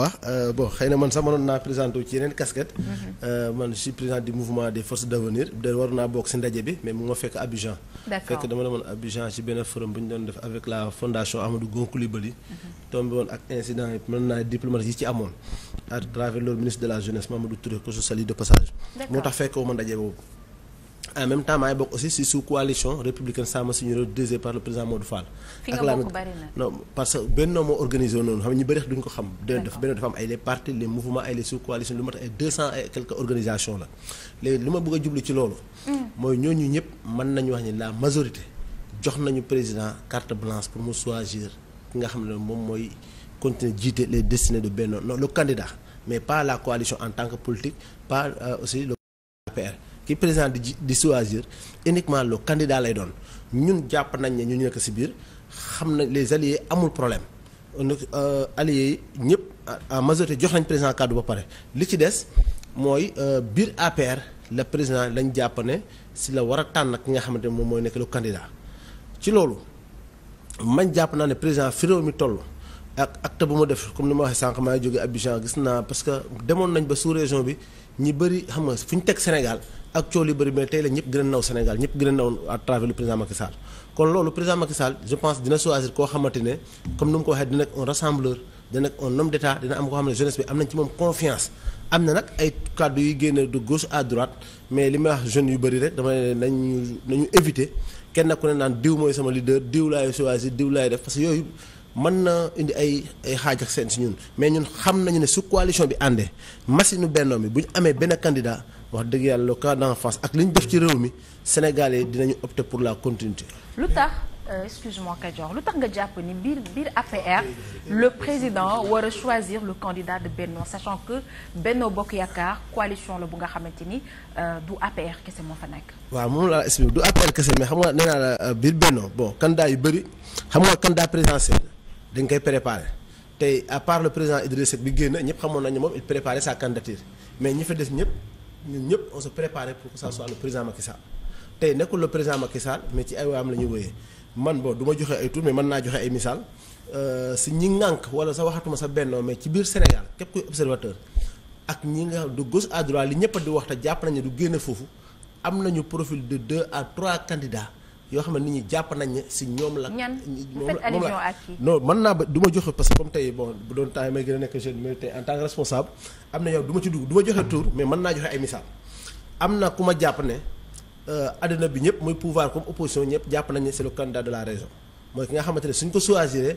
waaw euh, bon man sax mënoon naa présenté ci yeneen casquette. Mhm. Euh, man je suis du mouvement des forces d' avenir de war naa bokk si ndaje bi mais mu ma fekk Abidjan. fekk dama demoon Abidjan ci benn forum bu ñu doon def avec la fondation Amadou Gon Coulibaly. Mhm. tombé ak incident yi naa diplomatie yi ci amoon. à travers ministre de la jeunesse Mamadou Touré ko su sali de passage. moo tax fekk wu ndaje boobu. en même temps maay bokk aussi si sous coalition républicaine Sàmm Suñu Réew dirigée par le président Modou Fall. ak la non parce que Benno moo organisé noonu xam ñu bëri duñ ko xam. d'accord Benno dafa am ay les parti les mouvements ay les sous coalitions lu mat ay deux cent la léegi li ma bëgg jublu ci loolu. Mm. mooy ñooñu ñëpp mën nañu wax ni la majorité jox nañu président carte blanche pour mu choisir ki nga xam ne moom mooy continuer jiite les destinées de Benno non le candidat mais pas en tant que politique pas euh, aussi le APR. ki président di di choisir uniquement le candidat lay doon ñun jàpp nañ ne ñu nekk ci biir xam nañ les alliés amul problème euh, euh, alliés yi ñëpp en majorité jox nañ président kàddu ba pare li ci des mooy euh, biir APR la président lañ jàpp ne si la war a tànn ki nga xamante ne moom mooy nekk le ci loolu man jàpp naa ne président fi réew mi toll ak acte bu mu def comme ni ma waxee sànq maa ngi jógee Abidjan gis naa parce que demoon nañ ba sous région bi ñi bëri xam nga fu ñu teg Sénégal ak coow li bëri mais tey la ñëpp gën a naw Sénégal ñëpp gën a naw à travers le président Macky kon loolu président Macky je pense dina choisir koo xamante ne comme nu mu ko waxee dina nekk un rassembleur dina nekk un homme d'état dina am koo xam ne jeunesse bi am nañ ci moom confiance am na nag ay kàddu yuy génne de gauche à droite mais li may wax jeunes yu bëri rek dama ne nañu nañu éviter kenn ku ne naan diw mooy sama leader diw laay choisir diw laay def parce que yooyu mën na indi ay ay xaaj seen si ñun mais ñun xam nañu ne su coalition bi àndee machine nu bennoo mi bu ñu amee benn candidat wax dëgg yàlla le cas face ak li ñu def ci réew mi Sénégalais dinañu opter pour la continuité. lu tax euh, excuse-moi lu tax nga jàpp ni biir biir APR le président war a choisir le candidat de Benno sachant que Benno Bokk Yaakaar coalition la bu nga xamante ni euh, du APR kese moo fa nekk. waaw moom laa la du APR kese mais xam nga nee naa la euh, biir Benno bon candidat yu bëri xam nga candidat présidentiel dañ koy préparer. tey à part le président Idriss Seck bi génn ñëpp xamoon nañu moom il préparait sa mais ñi fa des ñëpp. ñun ñëpp on se préparait pour que ça soit le président Macky Sall tey nekkul le président Macky Sall mais ci ay waam la ñuy wëyee man boo duma ma joxe ay tur mais mën naa joxe ay misaal euh, si ñi ŋànk wala sa waxatuma sa bennoo mais ci biir Sénégal képp kuy observateur ak ñi nga xam de gauche à li ñëpp di wax te jàpp nañu du génne foofu am nañu profil de deux à trois candidats. yoo xam ne nit ñi jàpp nañ ne si ñoom la. ñan moom la no mën naa ba du ma joxe parce que comme tey bon bu doon temps may gën a nekk jeune mais tey en tant que responsable am na yow du ma ci dugg du ma joxe tour mais mën naa joxe ay misaal am na ku ma jàpp ne àddina euh, bi ñëpp muy pouvoir comme opposition ñëpp jàpp nañ ne c'est le candidat de la région mooy ki nga xamante ne suñ ko choisir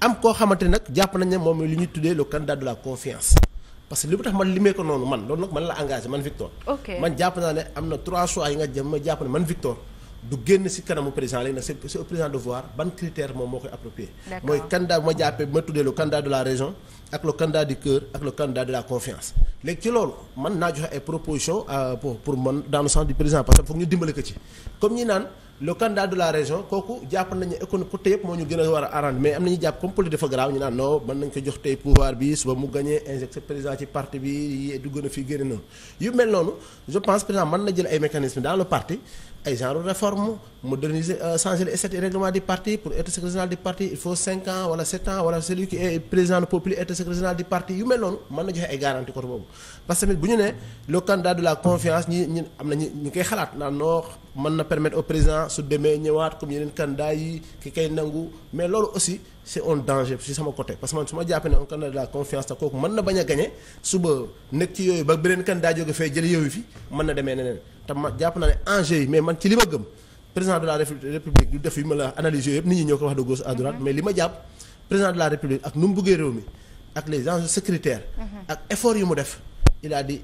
am koo xamante nag jàpp nañ ne moom li ñuy tuddee le candidat de la confiance parce que li mu tax man limee ko noonu man loolu nag man la engagé man Victor. man jàpp naa ne am na trois choix yi nga jëm ma jàpp ne man Victor du génn ci kanamu président léegi moo koy approprié. mooy candidat la raison ak le candidat du cœur ak le ci loolu man naa joxe ay propositions euh, pour pour man dans le sens du président parce que foog ñu dimbale ko ci comme ñi naan. le candidat de la région kooku jàpp nañu économie côté yëpp moo ñu gën a war a arrangé mais am nañu jàpp comme politique dafa garaaw ñu naan non mën nañ ko jox tey pouvoir bi suba mu gagné injecté président ci parti bi dugg na fi génne noonu yu mel noonu je pense président man na jël ay mécanisme dans le parti ay genre réforme moderniser euh, changer le statut et du parti pour être secrétaire général du parti il faut cinq ans wala sept ans wala celui qui est président de populaire être secrétaire général du parti yu mel noonu mën na joxe ay garantie côté boobu parce que tamit bu ñu ne le candidat de la confiance ñi ñi am na ñu ñu koy xalaat naan noo mën na permettre au président su demee ñëwaat comme yeneen candidat yi ki koy nangu mais loolu aussi c'est un danger ci sama côté parce que man su ma jàppee ne un candidat la confiance te kooku mën na bañ a gañe suba nekk ci yooyu ba beneen candidat jóge fee jële yooyu fi mën na demee neneen te ma jàpp naa ne enjeu yi mais man ci li ma gëm président de la république du def yi ma la analyse yooyu yëpp nit ñi ñoo ko wax de gauche à mais li ma jàpp président de la république ak nu mu bëggee réew mi ak les enjeux sécuritaires mhm. ak effort yu mu def il